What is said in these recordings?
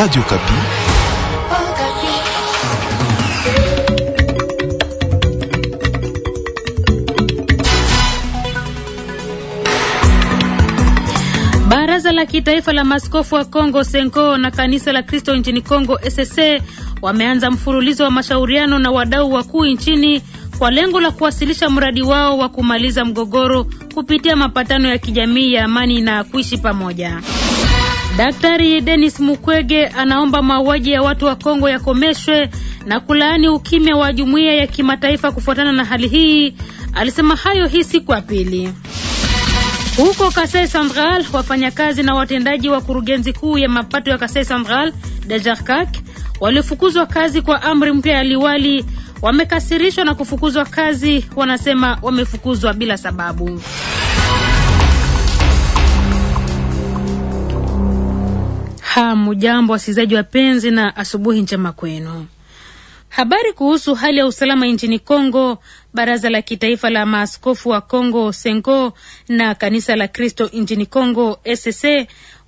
Radio Kapi. Baraza la kitaifa la maskofu wa Kongo Senko na kanisa la Kristo nchini Kongo SSC wameanza mfululizo wa mashauriano na wadau wakuu nchini kwa lengo la kuwasilisha mradi wao wa kumaliza mgogoro kupitia mapatano ya kijamii ya amani na kuishi pamoja. Daktari Denis Mukwege anaomba mauaji ya watu wa Kongo yakomeshwe na kulaani ukimya wa jumuiya ya kimataifa kufuatana na hali hii. Alisema hayo hii siku ya pili huko Kasai Central. Wafanyakazi na watendaji wa kurugenzi kuu ya mapato ya Kasai Central Dejarkak waliofukuzwa kazi kwa amri mpya ya liwali wamekasirishwa na kufukuzwa kazi, wanasema wamefukuzwa bila sababu. Hamujambo wasikilizaji wapenzi, na asubuhi njema kwenu. Habari kuhusu hali ya usalama nchini Kongo. Baraza la kitaifa la maaskofu wa Kongo Sengo na kanisa la Kristo nchini Kongo SSC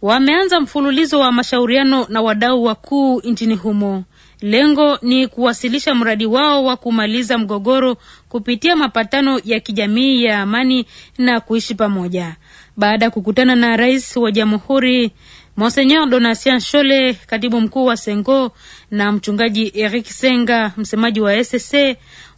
wameanza mfululizo wa mashauriano na wadau wakuu nchini humo. Lengo ni kuwasilisha mradi wao wa kumaliza mgogoro kupitia mapatano ya kijamii ya amani na kuishi pamoja. Baada ya kukutana na rais wa jamhuri Monseigneur Donatien Shole, katibu mkuu wa Sengo, na mchungaji Eric Senga, msemaji wa SSC,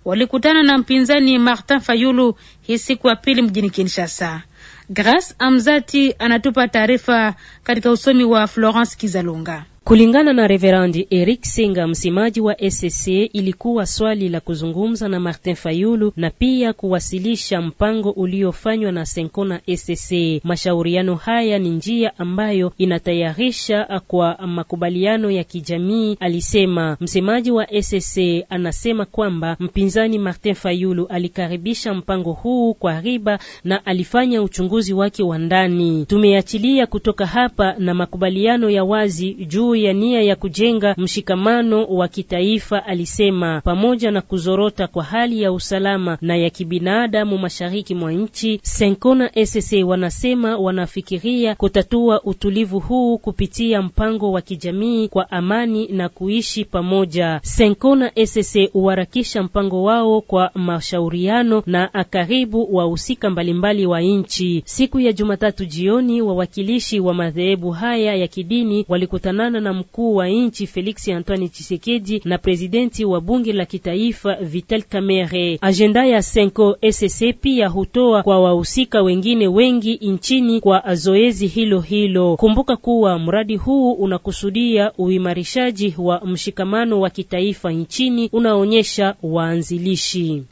walikutana na mpinzani Martin Fayulu hii siku ya pili mjini Kinshasa. Grace Amzati anatupa taarifa katika usomi wa Florence Kizalunga. Kulingana na Reverandi Eric Singa, msemaji wa SSC, ilikuwa swali la kuzungumza na Martin Fayulu na pia kuwasilisha mpango uliofanywa na Senko na SSC. Mashauriano haya ni njia ambayo inatayarisha kwa makubaliano ya kijamii, alisema msemaji wa SSC. Anasema kwamba mpinzani Martin Fayulu alikaribisha mpango huu kwa riba na alifanya uchunguzi wake wa ndani. Tumeachilia kutoka hapa na makubaliano ya wazi juu ya nia ya kujenga mshikamano wa kitaifa, alisema pamoja na kuzorota kwa hali ya usalama na ya kibinadamu mashariki mwa nchi, Senko na SSA wanasema wanafikiria kutatua utulivu huu kupitia mpango wa kijamii kwa amani na kuishi pamoja. Senko na SSA mpango wao kwa mashauriano na akaribu wahusika mbalimbali wa nchi. Siku ya Jumatatu jioni, wawakilishi wa madhehebu haya ya kidini walikutanana kukutana na mkuu wa nchi Felix Antoine Tshisekedi na presidenti wa bunge la kitaifa Vital Kamerhe. Agenda ya Senko SSC pia hutoa kwa wahusika wengine wengi nchini kwa zoezi hilo hilo. Kumbuka kuwa mradi huu unakusudia uimarishaji wa mshikamano wa kitaifa nchini, unaonyesha waanzilishi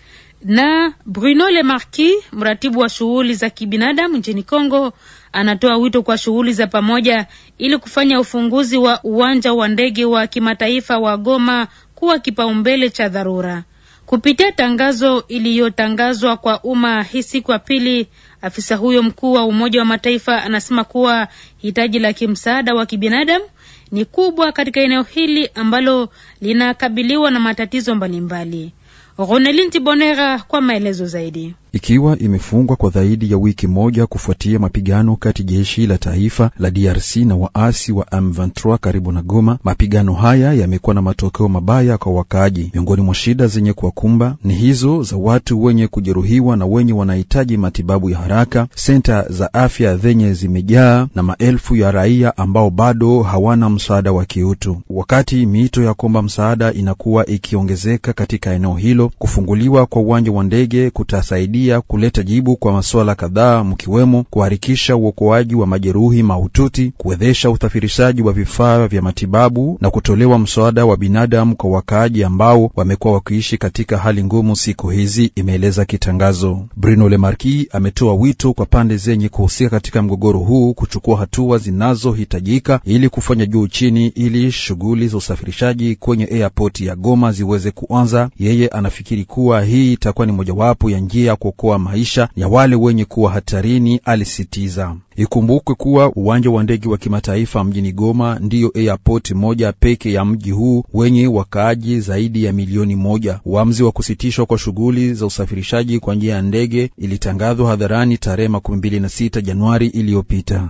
na Bruno Marquis, mratibu wa shughuli za kibinadamu nchini Kongo anatoa wito kwa shughuli za pamoja ili kufanya ufunguzi wa uwanja wa ndege wa kimataifa wa Goma kuwa kipaumbele cha dharura. Kupitia tangazo iliyotangazwa kwa umma hii siku ya pili, afisa huyo mkuu wa Umoja wa Mataifa anasema kuwa hitaji la kimsaada wa kibinadamu ni kubwa katika eneo hili ambalo linakabiliwa na matatizo mbalimbali. Ronelin Bonera kwa maelezo zaidi ikiwa imefungwa kwa zaidi ya wiki moja kufuatia mapigano kati jeshi la taifa la DRC na waasi wa M23 karibu na Goma. Mapigano haya yamekuwa na matokeo mabaya kwa wakaaji. Miongoni mwa shida zenye kuwakumba ni hizo za watu wenye kujeruhiwa na wenye wanahitaji matibabu ya haraka, senta za afya zenye zimejaa na maelfu ya raia ambao bado hawana msaada wa kiutu. Wakati miito ya kuomba msaada inakuwa ikiongezeka katika eneo hilo, kufunguliwa kwa uwanja wa ndege kutasaidia kusaidia kuleta jibu kwa masuala kadhaa, mkiwemo kuharikisha uokoaji wa majeruhi mahututi, kuwezesha usafirishaji wa vifaa vya matibabu na kutolewa msaada wa binadamu kwa wakaaji ambao wamekuwa wakiishi katika hali ngumu siku hizi, imeeleza kitangazo. Bruno marki ametoa wito kwa pande zenye kuhusika katika mgogoro huu kuchukua hatua zinazohitajika ili kufanya juu chini ili shughuli za usafirishaji kwenye airport ya Goma ziweze kuanza. Yeye anafikiri kuwa hii itakuwa ni mojawapo ya njia kuokoa maisha ya wale wenye kuwa hatarini, alisitiza. Ikumbukwe kuwa uwanja wa ndege wa kimataifa mjini Goma ndiyo airport moja peke ya mji huu wenye wakaaji zaidi ya milioni moja. Uamuzi wa kusitishwa kwa shughuli za usafirishaji kwa njia ya ndege ilitangazwa hadharani tarehe makumi mbili na sita Januari iliyopita.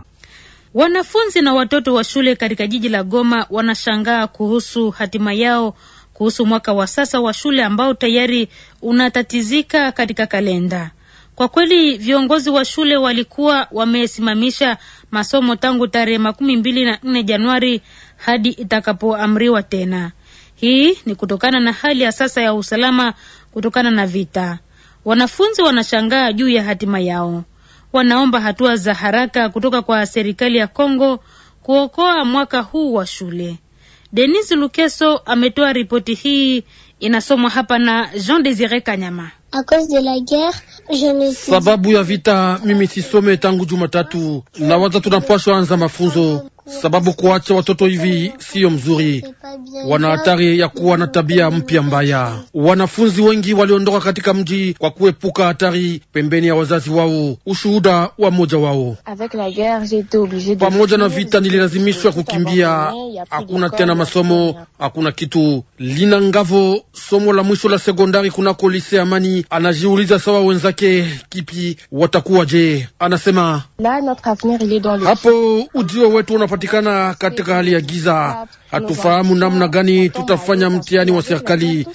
Wanafunzi na watoto wa shule katika jiji la Goma wanashangaa kuhusu hatima yao kuhusu mwaka wa sasa wa shule ambao tayari unatatizika katika kalenda. Kwa kweli viongozi wa shule walikuwa wamesimamisha masomo tangu tarehe makumi mbili na nne Januari hadi itakapoamriwa tena. Hii ni kutokana na hali ya sasa ya usalama kutokana na vita. Wanafunzi wanashangaa juu ya hatima yao, wanaomba hatua za haraka kutoka kwa serikali ya Kongo kuokoa mwaka huu wa shule. Denis Lukeso ametoa ripoti hii, inasomwa hapa na Jean Desire Kanyama. A cause de la guerre, je ne sababu ya vita mimi sisome tangu Jumatatu na waza tunapashwa anza mafunzo sababu kuacha watoto hivi siyo mzuri. Wana hatari ya kuwa na tabia mpya mbaya. Wanafunzi wengi waliondoka katika mji kwa kuepuka hatari pembeni ya wazazi wao. Ushuhuda wa mmoja wao: pamoja na vita nililazimishwa kukimbia, hakuna tena masomo, hakuna kitu. Lina Ngavo, somo la mwisho la sekondari kunako Lise Amani, anajiuliza sawa wenzake, kipi watakuwa je? Anasema hapo ujio wetu unapata tunapatikana katika hali ya giza, hatufahamu namna gani tutafanya mtihani wa serikali.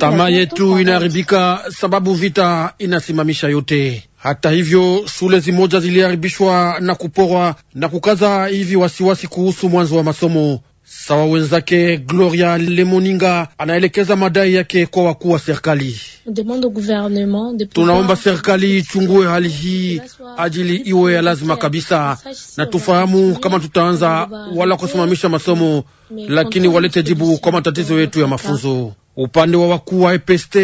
Tamaa yetu inaharibika, sababu vita inasimamisha yote. Hata hivyo, shule zimoja ziliharibishwa na kuporwa na kukaza hivi wasiwasi kuhusu mwanzo wa masomo sawa wenzake Gloria Lemoninga anaelekeza madai yake kwa wakuu wa serikali. Tunaomba serikali ichungue hali hii ajili iwe ya lazima kabisa, na tufahamu kama tutaanza wala kusimamisha masomo, lakini walete jibu kwa matatizo yetu ya mafunzo. Upande wa wakuu wa EPST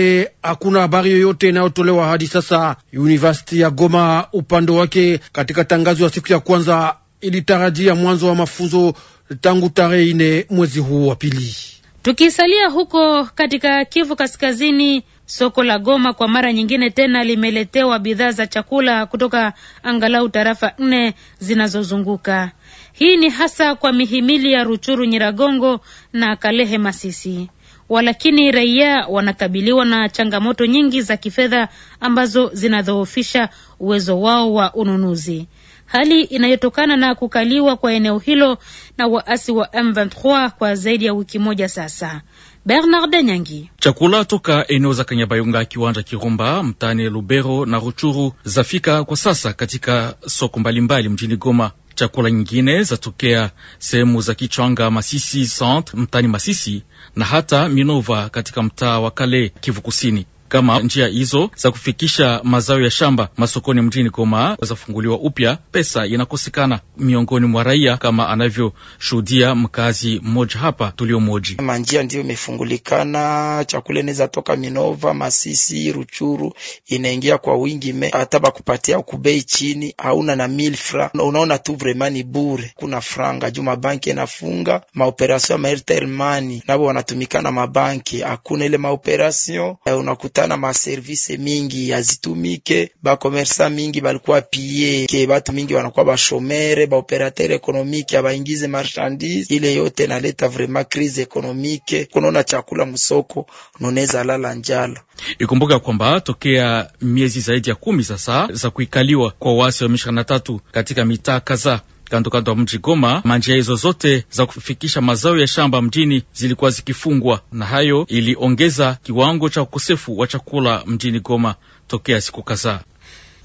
hakuna habari yoyote inayotolewa hadi sasa. University ya Goma upande wake, katika tangazo ya siku ya kwanza, ilitarajia mwanzo wa mafunzo tangu tarehe ine mwezi huu wa pili. Tukisalia huko katika Kivu Kaskazini, soko la Goma kwa mara nyingine tena limeletewa bidhaa za chakula kutoka angalau tarafa nne zinazozunguka. Hii ni hasa kwa mihimili ya Ruchuru, Nyiragongo na Kalehe, Masisi. Walakini raia wanakabiliwa na changamoto nyingi za kifedha ambazo zinadhoofisha uwezo wao wa ununuzi hali inayotokana na kukaliwa kwa eneo hilo na waasi wa M23 kwa zaidi ya wiki moja sasa. Bernard Nyangi. Chakula toka eneo za Kanyabayonga, kiwanja Kirumba, mtaani Lubero na Ruchuru zafika kwa sasa katika soko mbalimbali mjini Goma. Chakula nyingine zatokea sehemu za Kichwanga, Masisi centre mtaani Masisi na hata Minova katika mtaa wa Kale, Kivu Kusini kama njia hizo za kufikisha mazao ya shamba masokoni mjini Goma zafunguliwa upya, pesa inakosekana miongoni mwa raia, kama anavyoshuhudia mkazi mmoja hapa tuliomwoji. Manjia ndiyo imefungulikana, chakula inaweza toka Minova, Masisi, Ruchuru, inaingia kwa wingi me hata bakupatia kubei chini, hauna na milfra, unaona tu vremani bure, kuna franga juu mabanki inafunga maoperasio ya mairtelmani, nabo wanatumikana mabanki, hakuna ile maoperasio eh, unakuta kutana maservise mingi azitumike, bakomersa mingi balikuwa pie ke batu mingi wanakuwa bashomere, baoperateur ekonomike abaingize marchandise ile yote naleta vraiment crise ekonomike. Kunaona chakula msoko noneza lala njala. Ikumbuka kwamba tokea miezi zaidi ya kumi sasa za kuikaliwa kwa wasi wa M23 katika mitaa kadhaa kandokando ya mji Goma. Manjia hizo zote za kufikisha mazao ya shamba mjini zilikuwa zikifungwa, na hayo iliongeza kiwango cha ukosefu wa chakula mjini Goma tokea siku kadhaa.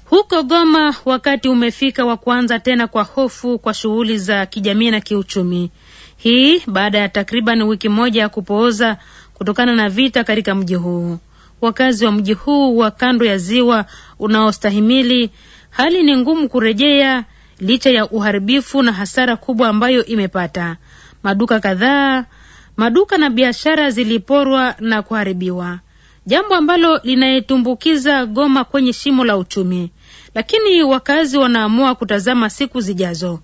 Huko Goma, wakati umefika wa kuanza tena kwa hofu kwa shughuli za kijamii na kiuchumi, hii baada ya takriban wiki moja ya kupooza kutokana na vita katika mji huu. Wakazi wa mji huu wa kando ya ziwa unaostahimili hali ni ngumu kurejea licha ya uharibifu na hasara kubwa ambayo imepata. Maduka kadhaa, maduka na biashara ziliporwa na kuharibiwa, jambo ambalo linayetumbukiza Goma kwenye shimo la uchumi. Lakini wakazi wanaamua kutazama siku zijazo.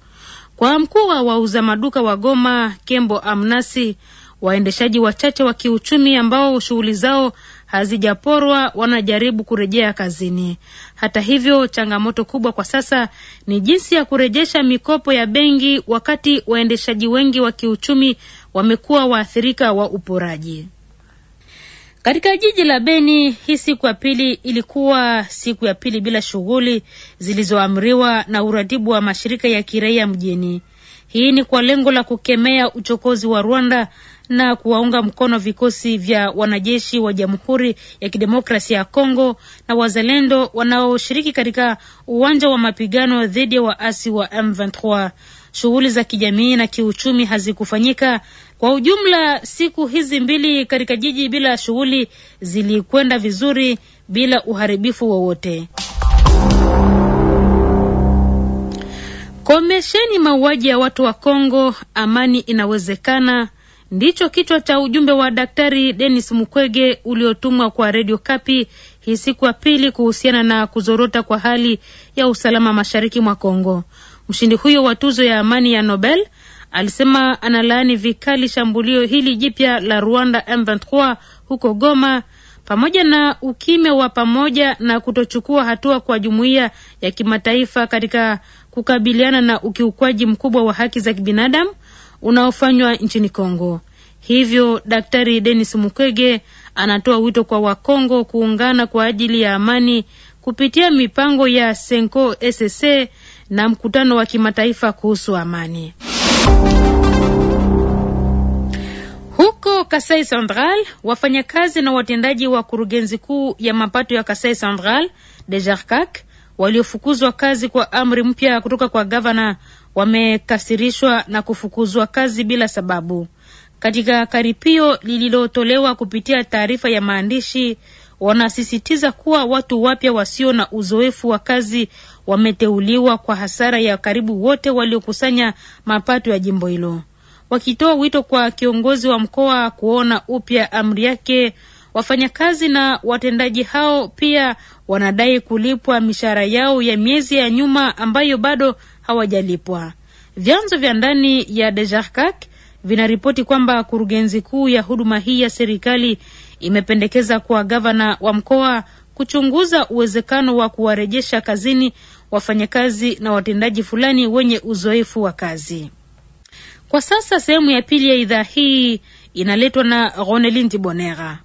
Kwa mkuu wa wauza maduka wa Goma, Kembo Amnasi, waendeshaji wachache wa kiuchumi ambao shughuli zao hazijaporwa, wanajaribu kurejea kazini. Hata hivyo, changamoto kubwa kwa sasa ni jinsi ya kurejesha mikopo ya benki, wakati waendeshaji wengi wa kiuchumi wamekuwa waathirika wa uporaji. Katika jiji la Beni hii siku ya pili ilikuwa siku ya pili bila shughuli zilizoamriwa na uratibu wa mashirika ya kiraia mjini. Hii ni kwa lengo la kukemea uchokozi wa Rwanda na kuwaunga mkono vikosi vya wanajeshi wa Jamhuri ya Kidemokrasia ya Kongo na wazalendo wanaoshiriki katika uwanja wa mapigano dhidi ya waasi wa M23. Shughuli za kijamii na kiuchumi hazikufanyika. Kwa ujumla, siku hizi mbili katika jiji bila shughuli zilikwenda vizuri bila uharibifu wowote. Komesheni mauaji ya watu wa Kongo, amani inawezekana ndicho kichwa cha ujumbe wa Daktari Denis Mukwege uliotumwa kwa redio Kapi hii siku ya pili kuhusiana na kuzorota kwa hali ya usalama mashariki mwa Kongo. Mshindi huyo wa tuzo ya amani ya Nobel alisema analaani vikali shambulio hili jipya la Rwanda M23 huko Goma, pamoja na ukime wa pamoja na kutochukua hatua kwa jumuiya ya kimataifa katika kukabiliana na ukiukwaji mkubwa wa haki za kibinadamu unaofanywa nchini Kongo. Hivyo Daktari Denis Mukwege anatoa wito kwa Wakongo kuungana kwa ajili ya amani kupitia mipango ya Senko ss na mkutano wa kimataifa kuhusu amani. Huko Kasai Central, wafanyakazi na watendaji wa kurugenzi kuu ya mapato ya Kasai Central Dejarkak waliofukuzwa kazi kwa amri mpya kutoka kwa gavana wamekasirishwa na kufukuzwa kazi bila sababu. Katika karipio lililotolewa kupitia taarifa ya maandishi, wanasisitiza kuwa watu wapya wasio na uzoefu wa kazi wameteuliwa kwa hasara ya karibu wote waliokusanya mapato ya jimbo hilo, wakitoa wito kwa kiongozi wa mkoa kuona upya amri yake. Wafanyakazi na watendaji hao pia wanadai kulipwa mishahara yao ya miezi ya nyuma ambayo bado hawajalipwa. Vyanzo vya ndani ya Dejarkak vinaripoti kwamba kurugenzi kuu ya huduma hii ya serikali imependekeza kwa gavana wa mkoa kuchunguza uwezekano wa kuwarejesha kazini wafanyakazi na watendaji fulani wenye uzoefu wa kazi. Kwa sasa sehemu ya pili ya idhaa hii inaletwa na Ronelin Tibonera,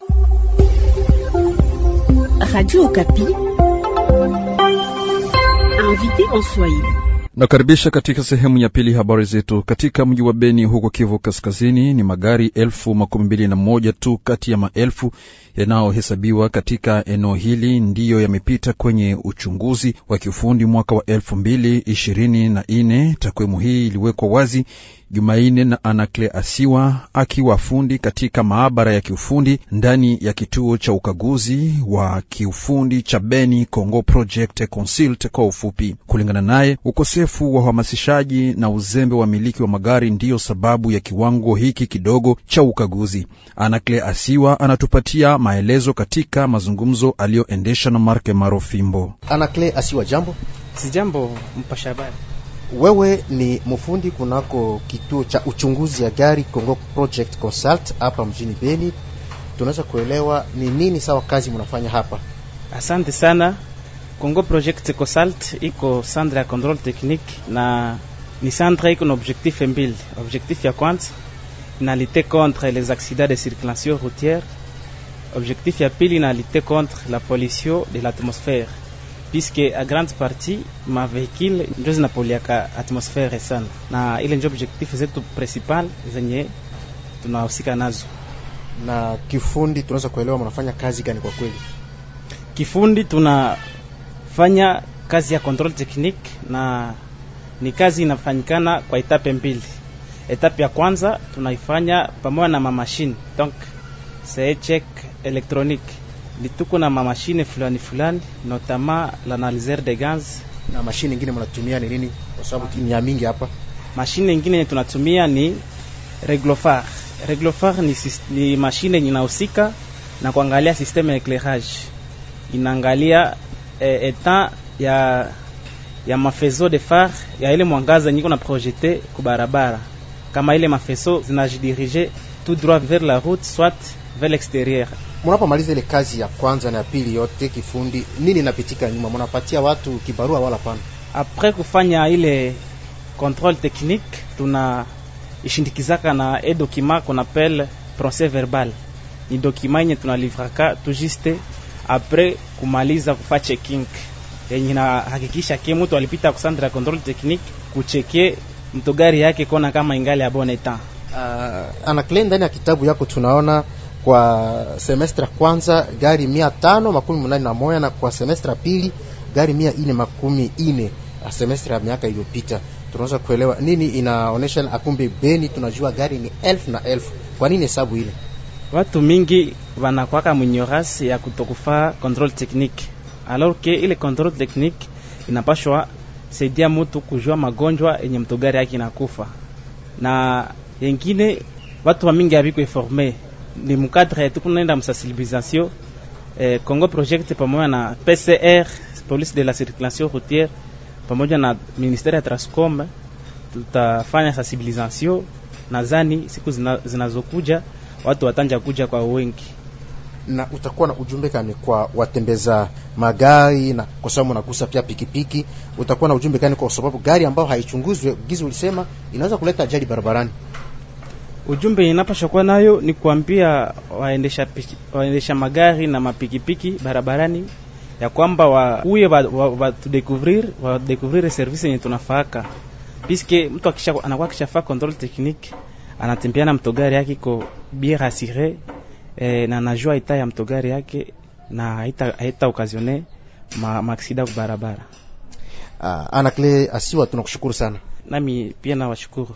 Radio Okapi, invité en Swahili. Nakaribisha katika sehemu ya pili habari zetu. Katika mji wa Beni huko Kivu Kaskazini, ni magari elfu makumi mbili na moja tu kati ya maelfu yanayohesabiwa katika eneo hili ndiyo yamepita kwenye uchunguzi wa kiufundi mwaka wa elfu mbili ishirini na nne. Takwimu hii iliwekwa wazi Jumaine na asiwa akiwa fundi katika maabara ya kiufundi ndani ya kituo cha ukaguzi wa kiufundi cha Beni Congo Project Consult kwa ufupi. Kulingana naye, ukosefu wa uhamasishaji na uzembe wa miliki wa magari ndiyo sababu ya kiwango hiki kidogo cha ukaguzi. asiwa anatupatia maelezo katika mazungumzo aliyoendesha na Marke Marofimbo. Asiwa, jambo si jambo mpashabari wewe ni mfundi kunako kituo cha uchunguzi ya gari kongo Project Consult hapa mjini Beni. Tunaweza kuelewa ni nini sawa kazi mnafanya hapa? Asante sana. kongo Project Consult iko centre ya control technique, na ni centre iko na objectif mbili. Objectif ya kwanza na lite contre les accidents de circulation routière, objectif ya pili na lite contre la pollution de l'atmosphère puisque a grande partie mavehikile njo zinapoliaka atmosfere sana, na ile njo objectif zetu principal zenye tunahusika nazo. Na kifundi tunaweza kuelewa mnafanya kazi gani? Kwa kweli kifundi tunafanya kazi ya control technique, na ni kazi inafanyikana kwa etape mbili. Etape ya kwanza tunaifanya pamoja na mamashine donc c'est check électronique lituko na mamashine fulani fulani, notama l'analyseur de gaz. Na mashine ingine mnatumia ni nini? Kwa sababu ni mingi hapa. Mashine ingine tunatumia ni reglofar. Reglofar ni, ni mashine inahusika na kuangalia systeme ya eclairage, inaangalia eh, etat ya ya mafezo de far ya ile mwangaza nyiko na projete kubarabara, kama ile mafezo zinajidirige tout droit vers la route soit vers l'extérieur mnapomaliza ile kazi ya kwanza na ya pili yote kifundi, nini inapitika nyuma? Mnapatia watu kibarua wala pana? Apres kufanya ile controle technique, tuna ishindikizaka na e document qu'on appelle procès verbal. Ni document yenye tunalivraka tu juste apres kumaliza kufa checking, yenye na hakikisha ke mtu alipita kusandra control technique kucheke mtu gari yake kona kama ingali abone ta. Uh, ah, anakle ndani ya kitabu yako tunaona kwa semestre kwanza gari mia tano makumi munane na moja na kwa semestra pili gari mia ine makumi ine ya miaka iliyopita. Tunaweza kuelewa nini inaonesha, akumbe Beni tunajua gari ni elfu na elfu. Kwa nini hesabu ile? Watu mingi wanakwaka mnyorasi ya kutokufa control technique, alors que ile control technique inapashwa saidia mtu kujua magonjwa yenye mtu gari yake inakufa, na yengine watu wa mingi haviko informe ni mkadre tuku naenda msensibilisation eh, Congo Project pamoja na PCR police de la circulation routière pamoja na ministère ya Transcom tutafanya sensibilisation. zani siku zinazokuja zina watu watanja kuja kwa wengi na utakuwa na ujumbe gani kwa watembeza magari na kwa sababu unagusa pia pikipiki, utakuwa na ujumbe gani? Kwa sababu gari ambayo haichunguzwe gizi ulisema inaweza kuleta ajali barabarani. Ujumbe inapasha kuwa nayo ni kuambia waendesha, waendesha magari na mapikipiki barabarani ya kwamba wakuye watudekuvrir wa, wa wa wadekovrire service yenye tunafaaka piske mtu akisha, anakuwa akishafaa control technique anatembea na mtogari yake ko bien rasire e, eh, na najua ita ya mtogari yake na haita, haita okazione maaksida ku barabara. Ah, Anaclé Asiwa, tunakushukuru sana. Nami pia nawashukuru.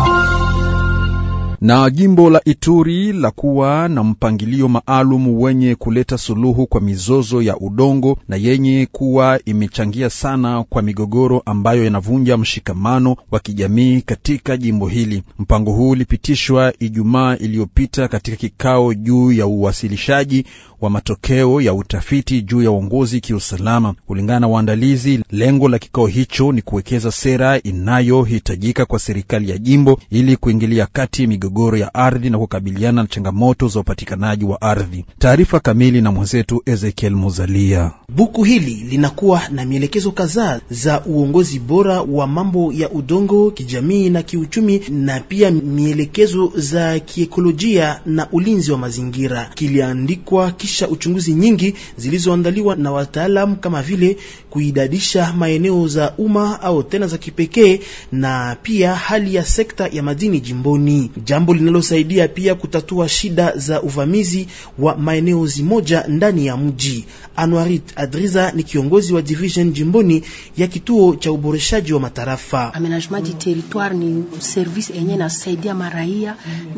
na jimbo la Ituri la kuwa na mpangilio maalum wenye kuleta suluhu kwa mizozo ya udongo na yenye kuwa imechangia sana kwa migogoro ambayo yanavunja mshikamano wa kijamii katika jimbo hili. Mpango huu ulipitishwa Ijumaa iliyopita katika kikao juu ya uwasilishaji wa matokeo ya utafiti juu ya uongozi kiusalama. Kulingana na waandalizi, lengo la kikao hicho ni kuwekeza sera inayohitajika kwa serikali ya jimbo ili kuingilia kati migogoro migogoro ya ardhi na kukabiliana na changamoto za upatikanaji wa ardhi. Taarifa kamili na mwenzetu Ezekiel Muzalia. Buku hili linakuwa na mielekezo kadhaa za uongozi bora wa mambo ya udongo, kijamii na kiuchumi, na pia mielekezo za kiekolojia na ulinzi wa mazingira. Kiliandikwa kisha uchunguzi nyingi zilizoandaliwa na wataalamu kama vile kuidadisha maeneo za umma au tena za kipekee, na pia hali ya sekta ya madini jimboni Jam jambo linalosaidia pia kutatua shida za uvamizi wa maeneo zimoja ndani ya mji. Anwarit Adriza ni kiongozi wa division jimboni ya kituo cha uboreshaji wa matarafa. Amenajement du territoire ni service enye nasaidia maraia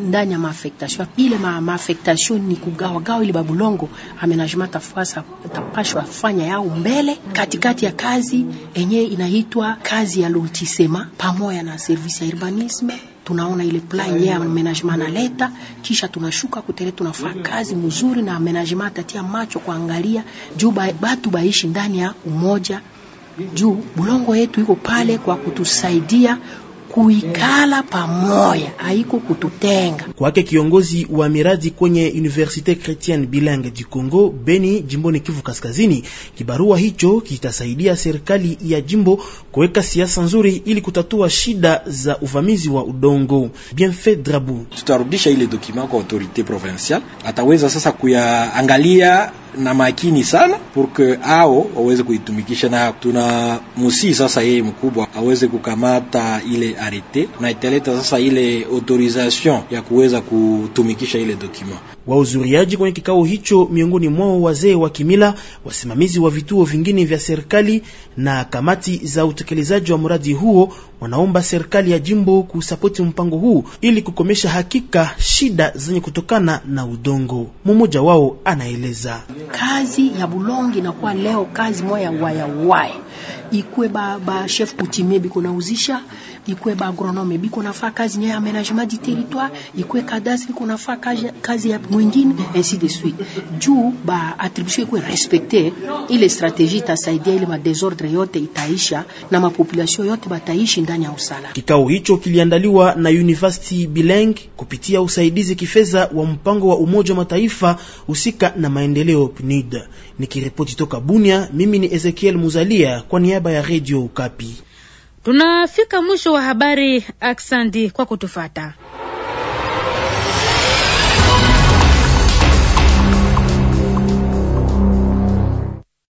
ndani ya maafektasyon, ile maafektasyon ma ni gawa ile babulongo. Amenajement tafasa tapashwa fanya yao mbele katikati ya kazi enye inaitwa kazi ya lotisema pamoja na service ya urbanisme tunaona ile plan yeye management analeta, kisha tunashuka kutere, tunafanya kazi mzuri na management atatia macho kuangalia juu batu baishi ndani ya umoja juu bulongo yetu iko pale kwa kutusaidia kuikala pamoja, haiko kututenga. Kwake kiongozi wa miradi kwenye Universite Chretien Bilingue du Congo Beni, jimboni Kivu Kaskazini, kibarua hicho kitasaidia serikali ya jimbo kuweka siasa nzuri ili kutatua shida za uvamizi wa udongo. Bienfait Drabu: tutarudisha ile dokima kwa autorite provinciale, ataweza sasa kuyaangalia na makini sana porque ao waweze kuitumikisha, na tuna musii sasa, yeye mkubwa aweze kukamata ile arete na italeta sasa ile autorisation ya kuweza kutumikisha ile document wauzuriaji kwenye kikao hicho miongoni mwao wazee wa kimila, wasimamizi wa vituo vingine vya serikali na kamati za utekelezaji wa mradi huo, wanaomba serikali ya jimbo kusapoti mpango huu ili kukomesha hakika shida zenye kutokana na udongo. Mmoja wao anaeleza kazi ya Bulongi inakuwa leo kazi moya wayawaya ikwe ba, ba chef coutumier biko nauzisha ikwe ba agronome biko nafaa kazi ya aménagement du territoire ikwe cadastre biko nafaa kazi, kazi ya mwingine ainsi de suite juu ba attribution ikwe respecte ile strategie itasaidia ile madesordre yote itaisha na mapopulation yote bataishi ndani ya usala. Kikao hicho kiliandaliwa na University Bileng kupitia usaidizi kifedha wa mpango wa Umoja wa Mataifa husika na maendeleo PNUD. Nikiripoti toka Bunia, mimi ni Ezekiel Muzalia kwa niaba ya Redio Ukapi. Tunafika mwisho wa habari. Aksandi kwa kutufata.